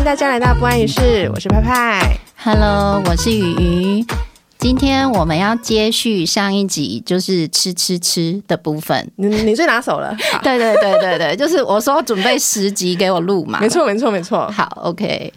歡迎大家來到不安於室，我是派派。Hello，我是雨雨。今天我們要接續上一集，就是吃吃吃的部分。你你最拿手了？ 對對對對對，就是我說準備十集給我錄嘛。 沒錯沒錯沒錯。好，OK。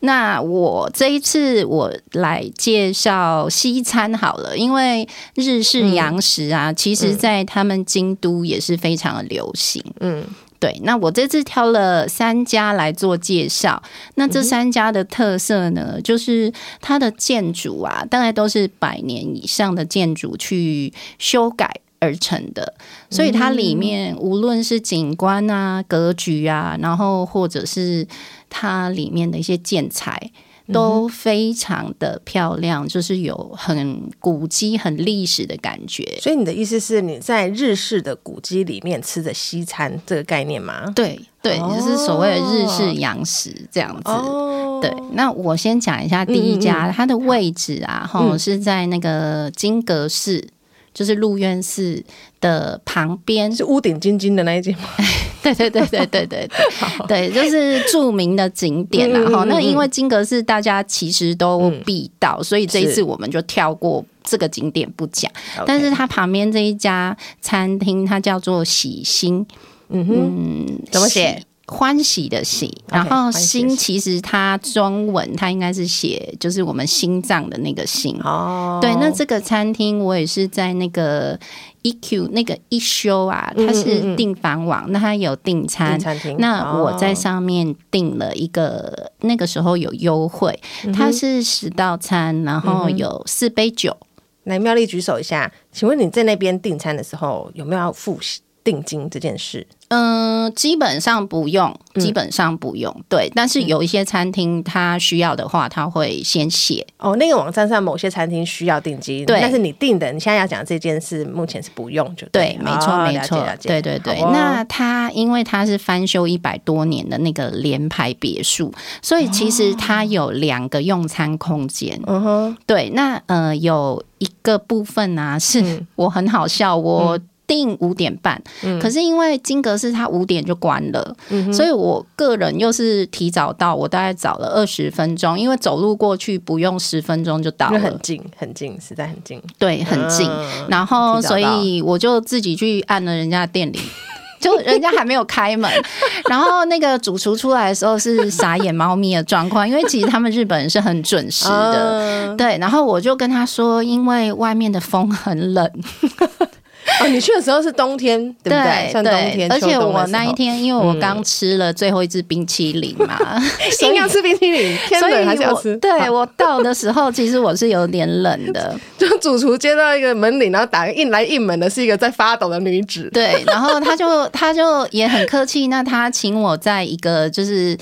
那我這一次我來介紹西餐好了，因為日式洋食啊、嗯，其實在他們京都也是非常的流行。嗯。嗯對，那我這次挑了三家來做介紹。那這三家的特色呢，嗯、就是它的建築啊，大概都是百年以上的建築去修改而成的，所以它裡面、嗯、無論是景觀啊、格局啊，然後或者是它裡面的一些建材。都非常的漂亮，就是有很古蹟、很歷史的感覺。所以你的意思是你在日式的古蹟裡面吃的西餐這個概念嗎？對對、哦，就是所謂的日式洋食這樣子。哦、對，那我先講一下第一家嗯嗯嗯，它的位置啊，哈、嗯，是在那個金閣寺，就是鹿苑寺的旁邊，是屋頂金金的那一家嗎？ 對對對對對對對， 對，就是著名的景點啦哈、 嗯嗯嗯。那因為金閣寺大家其實都必到，嗯、所以這一次我們就跳過這個景點不講。但是它旁邊這一家餐廳，它叫做喜心，okay. 嗯哼，怎麼寫？歡喜的喜，然後心其實它中文它應該是寫就是我們心臟的那個心。哦、oh.，對，那這個餐廳我也是在那個。E Q 那個一休啊，它是訂房網，那它有訂餐、餐廳，那我在上面訂了一個，哦，那個時候有優惠，它是十道餐，然後有四杯酒。嗯、來妙麗舉手一下，請問你在那邊訂餐的時候有沒有要付費？定金這件事，嗯，基本上不用，基本上不用。嗯、對，但是有一些餐廳他需要的話，他會先寫。哦，那個網站上某些餐廳需要定金，對，但是你定的。你現在要講這件事，目前是不用就對，對，沒錯，沒、哦、錯，對對對。哦、那它因為它是翻修一百多年的那個聯排別墅，所以其實它有兩個用餐空間。嗯、哦、哼，對，那呃有一個部分啊，是、嗯，我很好笑，我、嗯。定五點半、嗯，可是因為金閣寺他五點就關了、嗯，所以我個人又是提早到，我大概早了二十分鐘，因為走路過去不用十分鐘就到了，很近很近，實在很近，對，很近、嗯。然後所以我就自己去按了人家的電鈴，就人家還沒有開門， 然後那個主廚出來的時候是傻眼貓咪的狀況， 因為其實他們日本人是很準時的，嗯、對。然後我就跟他說，因為外面的風很冷。 哦，你去的時候是冬天，對不對？對，算冬天，對，冬，而且我那一天，因為我剛吃了最後一只冰淇淋嘛，一、嗯、定 要吃冰淇淋，天冷還是要吃。我對我到的時候，其實我是有點冷的。就主廚接到一個門鈴，然後打印來應門的，是一個在發抖的女子。對，然後她就她就也很客氣， 那她請我在一個就是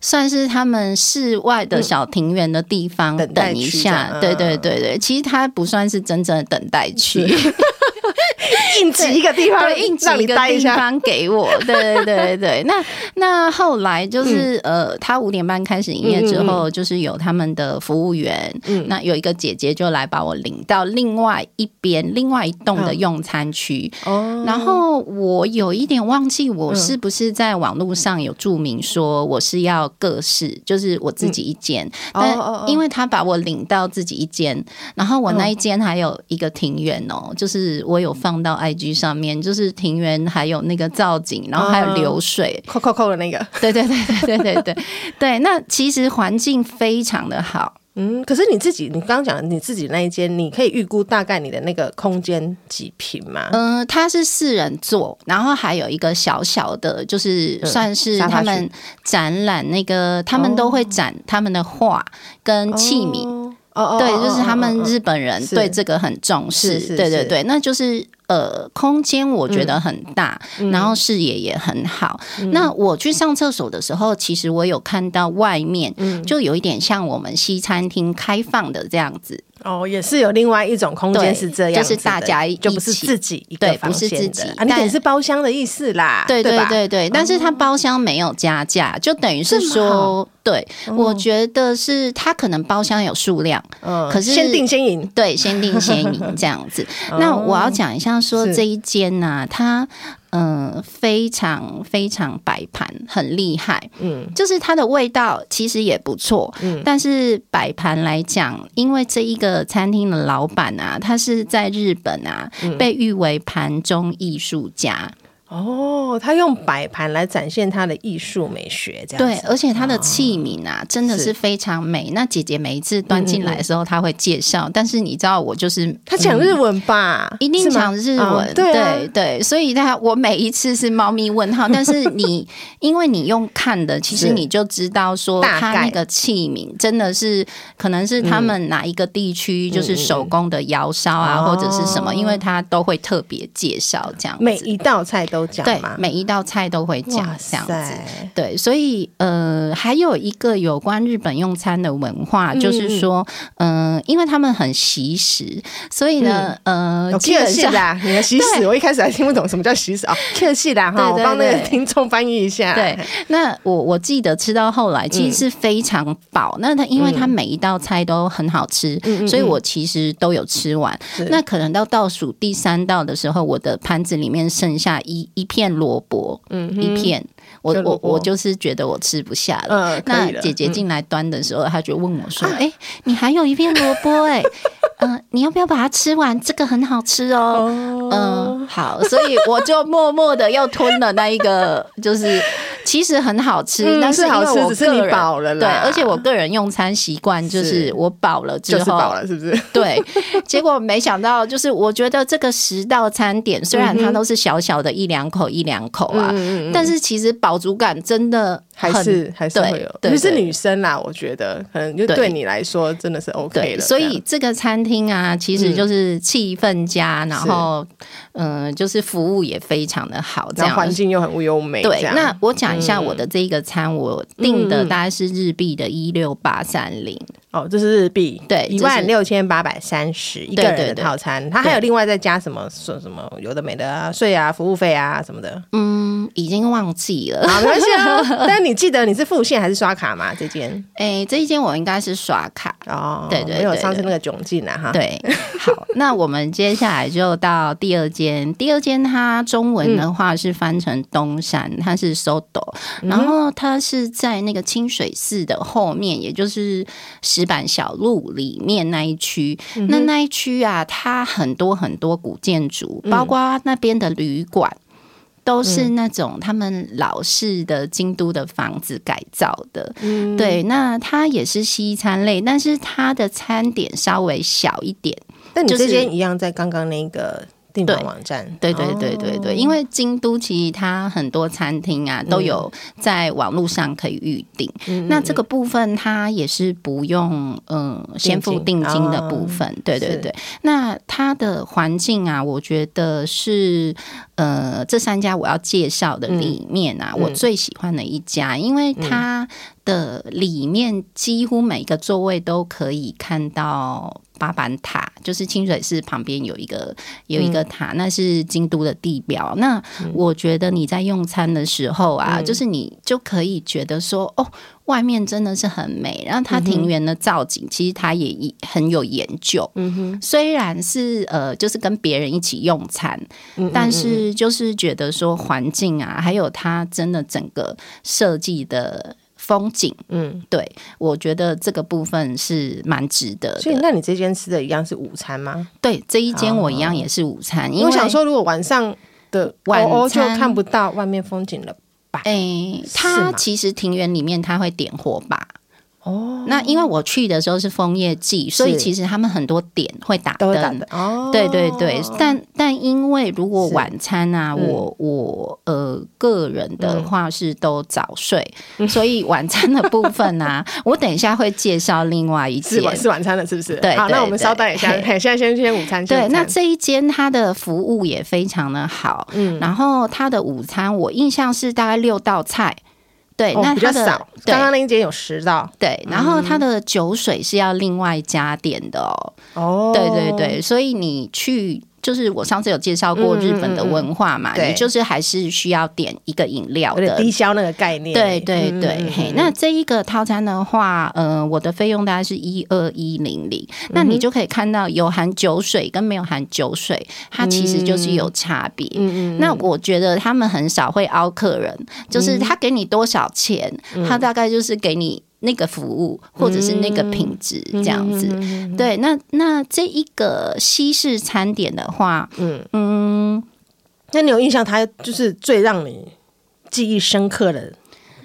算是他們室外的小庭院的地方等一下等。對對對對，其實她不算是真正的等待區。 應 擠一個地方，硬擠一個地方給我。 對，對對對對，那那後來就是、嗯、呃，他五點半開始營業之後、嗯，就是有他們的服務員。嗯，那有一個姐姐就來把我領到另外一邊，另外一棟的用餐區、嗯。哦，然後我有一點忘記，我是不是在網絡上有註明說我是要個室，就是我自己一間、嗯哦哦哦。但哦，因為他把我領到自己一間，然後我那一間還有一個庭院哦、喔嗯，就是我有放。放到 IG 上面，就是庭園還有那個造景，然後還有流水、哦，扣扣扣的那個，對對對對對 對對，那其實環境非常的好，嗯，可是你自己，你剛剛講的你自己那一間，你可以預估大概你的那個空間幾平嗎？嗯，它是四人座，然後還有一個小小的，就是算是他們展覽那個，他們都會展他們的畫跟器皿。嗯哦對，就是他們日本人對這個很重視，是是是對對對，那就是呃，空間我覺得很大、嗯，然後視野也很好。嗯、那我去上廁所的時候，其實我有看到外面，就有一點像我們西餐廳開放的這樣子、嗯。哦，也是有另外一種空間是這樣子，就是大家一起就不是自己一個房間的，對，不是自己。那、啊、也是包廂的意思啦。對對對對，對，嗯、但是他包廂沒有加價，就等於是說。對、哦，我覺得是它可能包廂有數量，嗯，可是先定先贏，對，先定先贏這樣子。 哦、那我要講一下說這一間吶、啊，它嗯、呃、非常非常擺盤很厲害，嗯，就是它的味道其實也不錯，嗯，但是擺盤來講，因為這一個餐廳的老板啊，他是在日本啊，被譽為盤中藝術家。嗯哦，他用擺盤來展現他的藝術美學，這樣子，對，而且他的器皿啊、哦、真的是非常美。那姐姐每一次端進來的時候，他會介紹、嗯嗯，但是你知道我就是、嗯、他講日文吧，一定講日文，哦、對、啊、對，對，所以他我每一次是貓咪問號， 但是你因為你用看的，其實你就知道說他那個器皿真的是，是可能是他們哪一個地區就是手工的窯燒啊嗯嗯或者是什麼、哦，因為他都會特別介紹這樣子，每一道菜都。對，每一道菜都會講，這樣子。對，所以呃，還有一個有關日本用餐的文化，嗯嗯就是說，嗯、呃，因為他們很習食，所以呢，嗯、呃，客氣的、啊，你的習食，我一開始還聽不懂什麼叫習食、哦、啊，客氣的哈，我幫那個聽眾翻譯一下。對，那我我記得吃到後來，其實是非常飽、嗯。那它因為它每一道菜都很好吃，嗯嗯嗯嗯所以我其實都有吃完。那可能到倒數第三道的時候，我的盤子裡面剩下一。一片蘿蔔，嗯，一片，我我我，我就是覺得我吃不下了、嗯。那姐姐進來端的時候、嗯，她就問我說：“哎、啊欸，你還有一片蘿蔔、欸，哎，嗯，你要不要把它吃完？這個很好吃哦，嗯、哦呃，好，所以我就默默的又吞了那一個， 就是。”其實很好吃，嗯，但是因為我個人對，而且我個人用餐習慣就是我飽了之後飽、就是、了是不是？對， 結果沒想到就是我覺得這個十道餐點雖然它都是小小的一兩口一兩口啊嗯嗯嗯，但是其實飽足感真的很還是還是會有，對對對，尤其是女生啦，我覺得可能就對你來說真的是 OK 了。所以這個餐廳啊，其實就是氣氛佳然後，嗯，就是服務也非常的好，這樣環境又很優美。對，那我講一下我的這個餐，嗯、我訂的大概是日幣的一六八三零。哦，這是日幣，對，一萬六千八百三十，一個人的套餐。他還有另外再加什麼？說什麼有的沒的啊，稅啊、服務費啊什麼的。嗯。已經忘記了、啊，好 但你記得你是付現還是刷卡嗎？這間？哎、欸，這一間我應該是刷卡哦。對對，對，因為我上次那個窘境了，啊、哈。對， 好，那我們接下來就到第二間。第二間它中文的話是翻成東山，嗯、它是 Sodo 然後它是在那個清水寺的後面，嗯、也就是石板小路裡面那一區、嗯。那那一區啊，它很多很多古建築，嗯，包括那邊的旅館。都是那種他們老式的京都的房子改造的，嗯、對，那它也是西餐類，但是它的餐點稍微小一點。但你這間一樣在剛剛那個、就是訂網站，對對對對對，對、哦，因為京都其實它很多餐廳啊、嗯、都有在網絡上可以預訂、嗯，那這個部分它也是不用嗯、呃、先付定金的部分，哦、對對對。那它的環境啊，我覺得是呃這三家我要介紹的裡面啊、嗯，我最喜歡的一家、嗯，因為它的裡面幾乎每一個座位都可以看到。八坂塔就是清水寺旁邊有一個有一個塔、嗯，那是京都的地標、嗯。那我覺得你在用餐的時候啊、嗯，就是你就可以覺得說，哦，外面真的是很美。然後它庭園的造景、嗯，其實它也很有研究。嗯哼，雖然是呃，就是跟別人一起用餐、嗯，但是就是覺得說環境啊，還有它真的整個設計的。風景，嗯，對，我覺得這個部分是蠻值得的。所以，那你這間吃的一樣是午餐嗎？對，這一間我一樣也是午餐，哦哦，因為我想說如果晚上的晚餐就看不到外面風景了吧？哎、欸，它其實庭園裡面它會點火吧？哦，那因為我去的時候是楓葉季，所以其實他們很多點會打燈的。哦，對對對，但但因為如果晚餐啊，嗯、我我呃個人的話是都早睡、嗯，所以晚餐的部分啊， 我等一下會介紹另外一間是，是晚餐的，是不是？對，對，對，好，那我們稍等一下，現在先去午餐。對，對那這一間它的服務也非常的好，嗯，然後它的午餐我印象是大概六道菜。對，哦、那的比較少。對剛剛那間有十道，對、嗯，然後它的酒水是要另外加點的哦，哦對對對，所以你去。就是我上次有介紹過日本的文化嘛，嗯嗯，你就是還是需要點一個飲料的低消那個概念。對對對嗯嗯嘿，那這一個套餐的話，呃，我的費用大概是一二一零零。那你就可以看到有含酒水跟沒有含酒水，嗯嗯，它其實就是有差別，嗯嗯。那我覺得他們很少會凹客人，就是他給你多少錢，嗯，他大概就是給你。那個服務或者是那個品質這樣子，嗯嗯嗯嗯、對，那那這一個西式餐點的話，嗯嗯，那你有印象，他就是最讓你記憶深刻的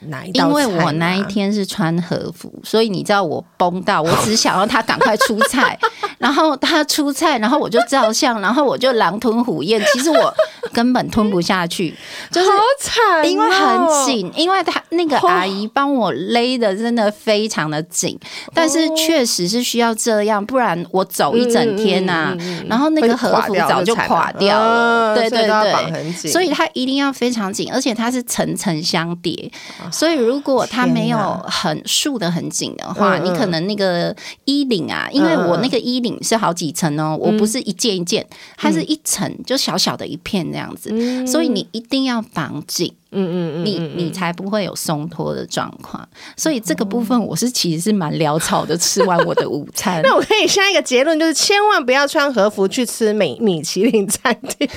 哪一道？因為我那一天是穿和服，所以你知道我崩到，我只想要他趕快出菜， 然後他出菜，然後我就照相，然後我就狼吞虎嚥。其實我。 根本吞不下去，嗯、就是好慘，因為很緊、喔，因為他那個阿姨幫我勒的真的非常的緊、哦，但是確實是需要這樣，不然我走一整天吶、啊嗯嗯嗯嗯，然後那個和服早就垮掉了，了，垮掉了、呃，對對對，所以它一定要非常緊，而且它是層層相疊、哦，所以如果它沒有很豎的、啊、很緊的話嗯嗯，你可能那個衣領啊嗯嗯，因為我那個衣領是好幾層哦、嗯，我不是一件一件，嗯、它是一層就小小的一片那樣。這樣子，所以你一定要綁緊。嗯,嗯嗯嗯，你你才不會有鬆脫的狀況，所以這個部分我是其實是蠻潦草的。吃完我的午餐， 那我可以下一個結論就是，千萬不要穿和服去吃米米其林餐廳。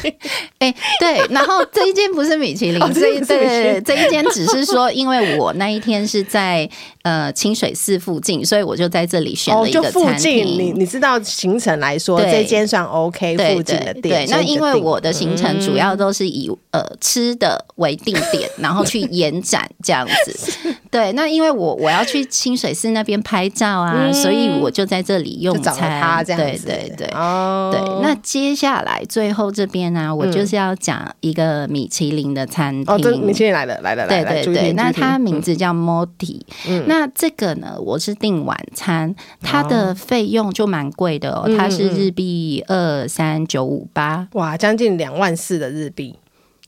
哎、欸，對。然後這一間不是米其林， 這一這一間只是說，因為我那一天是在呃清水寺附近，所以我就在這裡選了一個餐廳、哦。你你知道行程來說，對這間算 OK 對對對附近的店,店對對對。那因為我的行程主要都是以、嗯、呃吃的為定。 然後去延展這樣子。對，那因為我我要去清水寺那邊拍照啊、嗯，所以我就在這裡用餐這樣子。對對對，哦。對，那接下來最後這邊呢、啊嗯，我就是要講一個米其林的餐廳。哦，這米其林來的，來的，來，對對對。那它名字叫 MOTI、嗯。那這個呢，我是訂晚餐，嗯、它的費用就蠻貴的哦嗯嗯嗯，它是日幣二三九五八。哇，將近兩萬四的日幣。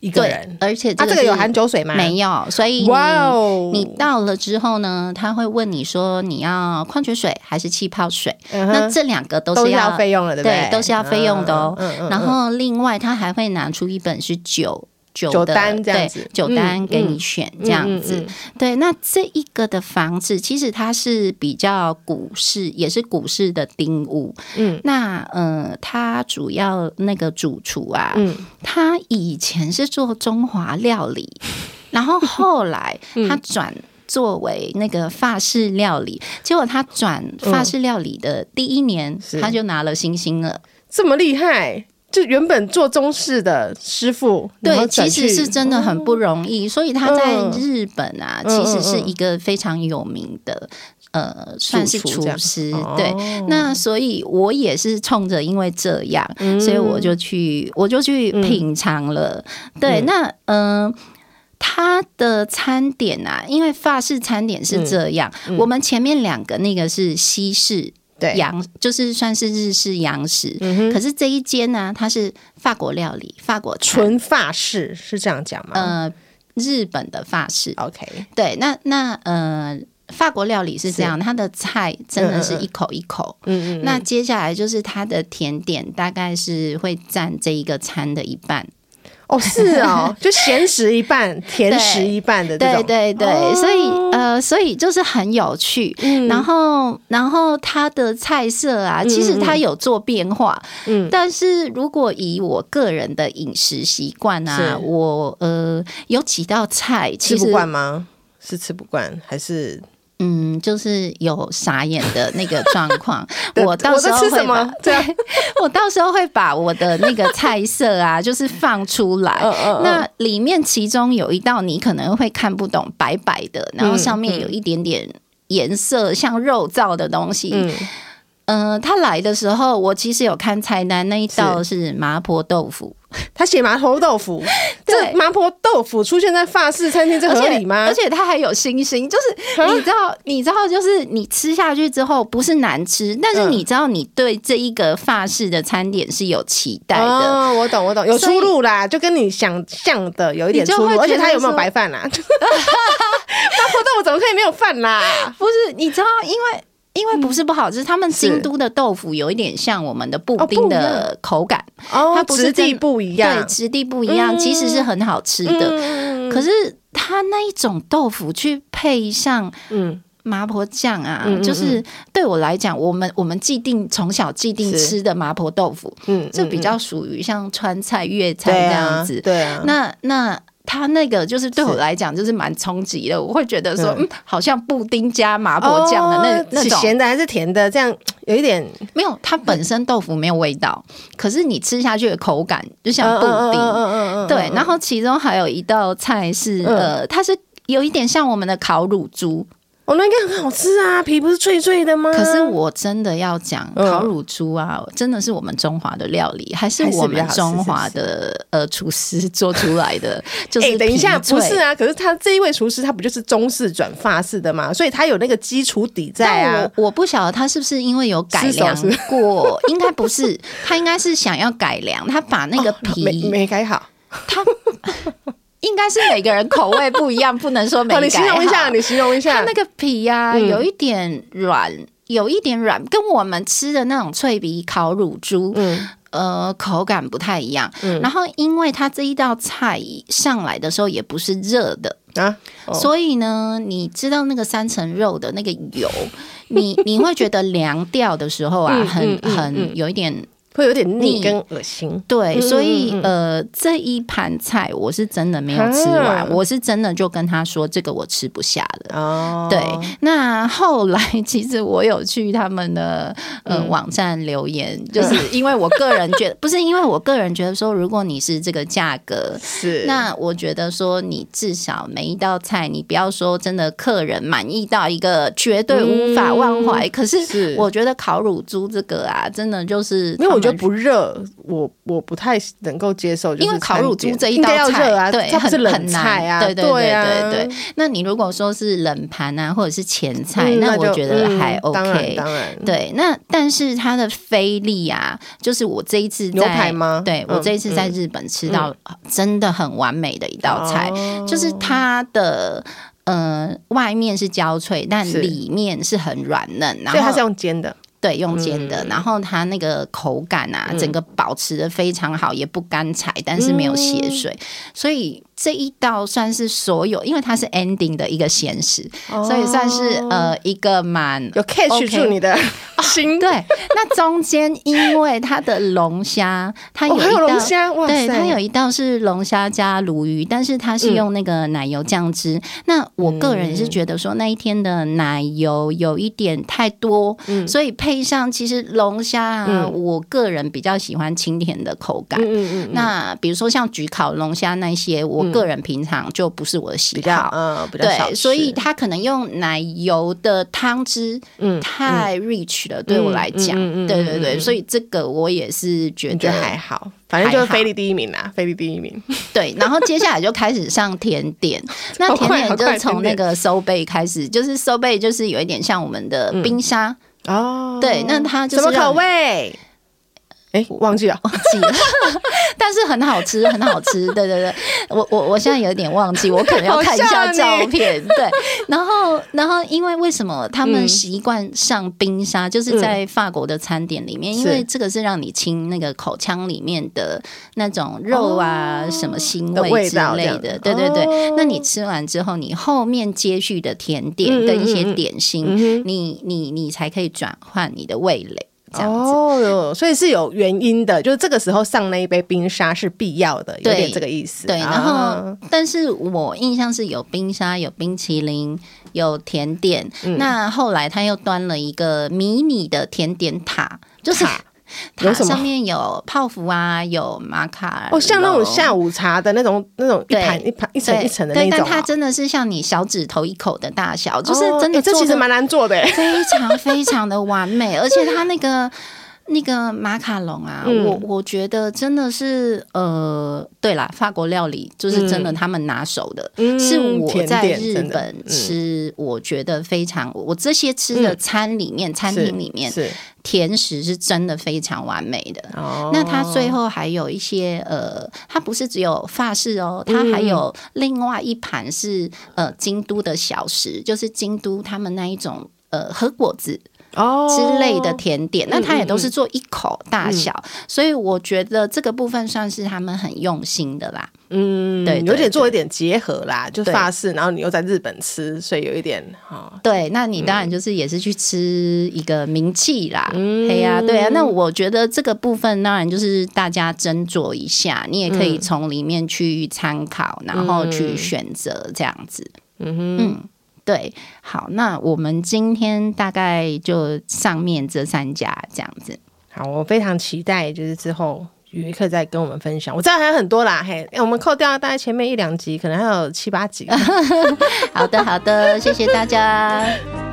一個人，而且這個，是、啊、這個有含酒水嗎？沒有，所以你、wow、你到了之後呢，他會問你說，你要礦泉水還是氣泡水？嗯、那這兩個都是要費用的，對不對？都是要費用的哦、喔嗯嗯嗯。然後另外他還會拿出一本是酒。九單這樣子，九單、嗯、給你選這樣子、嗯嗯嗯嗯，對。那這一個的房子其實它是比較古式，也是古式的町屋。嗯，那呃，它主要那個主廚啊，嗯，他以前是做中華料理、嗯，然後後來他轉作為那個法式料理，嗯、結果他轉法式料理的第一年他、嗯、就拿了星星了，這麼厲害。就原本做中式的師傅，對，其實是真的很不容易，嗯、所以他在日本啊、嗯，其實是一個非常有名的、嗯、呃，算是廚師，對、哦。那所以我也是衝着因為這樣、嗯，所以我就去，我就去品嚐了、嗯。對，那嗯、呃，他的餐點啊，因為法式餐點是這樣，嗯、我們前面兩個那個是西式。對洋就是算是日式洋食，嗯哼，可是這一間呢、啊，它是法國料理，法國純法式是這樣講嗎？呃，日本的法式，OK，對，那那呃，法國料理是這樣是，它的菜真的是一口一口，嗯，嗯，嗯，嗯，那接下來就是它的甜點，大概是會佔這一個餐的一半。哦，是哦， 就鹹食一半，甜食一半的這種，對對，對對，哦、所以呃，所以就是很有趣。嗯、然後，然後他的菜色啊，其實他有做變化，嗯，嗯，但是如果以我個人的飲食習慣啊，我呃有幾道菜其實吃不慣嗎？是吃不慣還是？嗯，就是有傻眼的那個狀況。 我到時候會把，對， 我到時候會把我的那個菜色啊， 就是放出來哦哦哦。那裡面其中有一道你可能會看不懂，白白的，然後上面有一點點顏色、嗯、像肉燥的東西。嗯，他、呃、來的時候，我其實有看菜單，那一道是麻婆豆腐。他寫麻婆豆腐， 這麻婆豆腐出現在法式餐廳，這合理嗎？而且,而且他還有星星，就是你知道，你知道，就是你吃下去之後不是難吃，但是你知道你對這一個法式的餐點是有期待的。嗯、哦，我懂，我懂，有出入啦，就跟你想象的有一點出入。而且他有沒有白飯啦、啊？麻 婆豆腐怎麼可以沒有飯啦？ 不是，你知道，因為。因為不是不好，吃，嗯、是他們京都的豆腐有一點像我們的布丁的口感，哦、不它質地不一樣，對，質地不一樣、嗯，其實是很好吃的、嗯。可是它那一種豆腐去配上麻婆醬啊、嗯，就是對我來講，我們我們既定從小既定吃的麻婆豆腐，嗯，就比較屬於像川菜、粵菜這樣子。對、嗯嗯嗯，那那。它那個就是對我來講，就是蠻衝擊的，我會覺得說、嗯嗯，好像布丁加麻婆醬的那種、oh, 那種鹹的還是甜的，這樣有一點沒有，它本身豆腐沒有味道，嗯、可是你吃下去的口感就像布丁。對，然後其中還有一道菜是呃、嗯，它是有一點像我們的烤乳豬。我、哦、那應、個、該很好吃啊，皮不是脆脆的嗎？可是我真的要講烤乳豬啊、嗯，真的是我們中華的料理，還是我們中華的是是呃廚師做出來的？就是、欸、等一下，不是啊，可是他這一位廚師他不就是中式轉法式的嘛？所以他有那個基礎底在啊。我，我不曉得他是不是因為有改良過，是是應該不是，他應該是想要改良，他把那個皮、哦、沒，沒改好。他。 應該是每個人口味不一樣， 不能說沒、哦。你形容一下，你形容一下，它那個皮呀、啊嗯，有一點軟，有一點軟，跟我們吃的那種脆皮烤乳豬，嗯，呃，口感不太一樣。嗯、然後，因為它這一道菜上來的時候也不是熱的啊、嗯，所以呢，你知道那個三層肉的那個油，嗯、你你會覺得涼掉的時候啊，嗯、很很有一點。會有點膩跟噁心，對，所以呃，這一盤菜我是真的沒有吃完，我是真的就跟他說這個我吃不下了。哦，對，那後來其實我有去他們的呃網站留言，就是因為我個人覺得，不是因為我個人覺得說，如果你是這個價格，是，那我覺得說你至少每一道菜，你不要說真的客人滿意到一個絕對無法忘懷，可是我覺得烤乳豬這個啊，真的就是我覺得不熱，我我不太能夠接受就是，因為烤乳豬這一道菜啊，它很冷菜啊很很難，對對對對，對，對，對、啊。那你如果說是冷盤啊，或者是前菜，嗯、那，那我覺得還 OK、嗯。對。那但是它的菲力啊，就是我這一次在，對，我這一次在日本吃到真的很完美的一道菜，嗯嗯嗯、就是它的呃外面是焦脆，但裡面是很軟嫩，然後，所以它是用煎的。對，用煎的，嗯，然後它那個口感啊，嗯、整個保持得非常好，也不乾柴，但是沒有血水，嗯，所以這一道算是所有，因為它是 ending 的一個鹹食，哦，所以算是呃一個蠻有 catch 住你的，okay。 對，那中間因為它的龍蝦，它有一道、哦、有對它有一道是龍蝦加鱸魚，但是它是用那個奶油醬汁、嗯。那我個人是覺得說那一天的奶油有一點太多，嗯、所以配上其實龍蝦、啊嗯，我個人比較喜歡清甜的口感。嗯嗯嗯嗯那比如說像焗烤龍蝦那些、嗯，我個人平常就不是我的喜好，嗯、比較少吃、對，所以它可能用奶油的湯汁、嗯，太 rich、嗯。嗯對，我來講，嗯嗯嗯，對對對，嗯嗯，所以這個我也是覺得還好，還好反正就是菲力第一名啊，菲力第一名。對，然後接下來就開始上甜點， 那甜點就從那個收貝開始，就是收貝就是有一點像我們的冰沙哦，嗯，對，哦，那它就是什麼口味？哎，忘記了，忘記了。但是很好吃，很好吃。對對對，我我我現在有點忘記，我可能要看一下照片。對，然後然後，因為為什麼他們習慣上冰沙，嗯、就是在法國的餐點裡面，嗯、因為這個是讓你清那個口腔裡面的那種肉啊什麼腥味之類的。的的對對對、哦，那你吃完之後，你後面接續的甜點跟一些點心，嗯嗯嗯嗯你你你才可以轉換你的味蕾。哦，喲，所以是有原因的，就是這個時候上那一杯冰沙是必要的，對，有點這個意思。對，然後、啊，但是我印象是有冰沙，有冰淇淋，有甜點，嗯、那後來他又端了一個迷你的甜點塔，就是。上面有泡芙啊，有，有馬卡龍哦，像那種下午茶的那種那種一盤一盤一層一層的那種對對，但它真的是像你小指頭一口的大小，哦、就是真的、欸。這其實蠻難做的，非常非常的完美， 而且它那個。那個馬卡龍啊，嗯、我我覺得真的是，呃，對啦，法國料理就是真的，他們拿手的、嗯、是我在日本吃、嗯，我覺得非常，我這些吃的餐裡面，嗯、餐廳裡面甜食是真的非常完美的。哦、那它最後還有一些呃，它不是只有法式哦，它還有另外一盤是呃京都的小食，就是京都他們那一種呃和果子。哦，之類的甜點，嗯嗯嗯，那它也都是做一口大小嗯嗯，所以我覺得這個部分算是他們很用心的啦。嗯，對，對，對，有點做一點結合啦，就法式，然後你又在日本吃，所以有一點哈、哦。對，那你當然就是也是去吃一個名氣啦，嗯、對呀、啊，對啊。那我覺得這個部分當然就是大家斟酌一下，你也可以從裡面去參考，然後去選擇這樣子。嗯哼。嗯對，好，那我們今天大概就上面這三家這樣子。好，我非常期待，就是之後有一刻再跟我們分享。我知道還有很多啦，嘿，欸，我們扣掉大概前面一兩集，可能還有七八集。 好的，好的，好的，謝謝大家。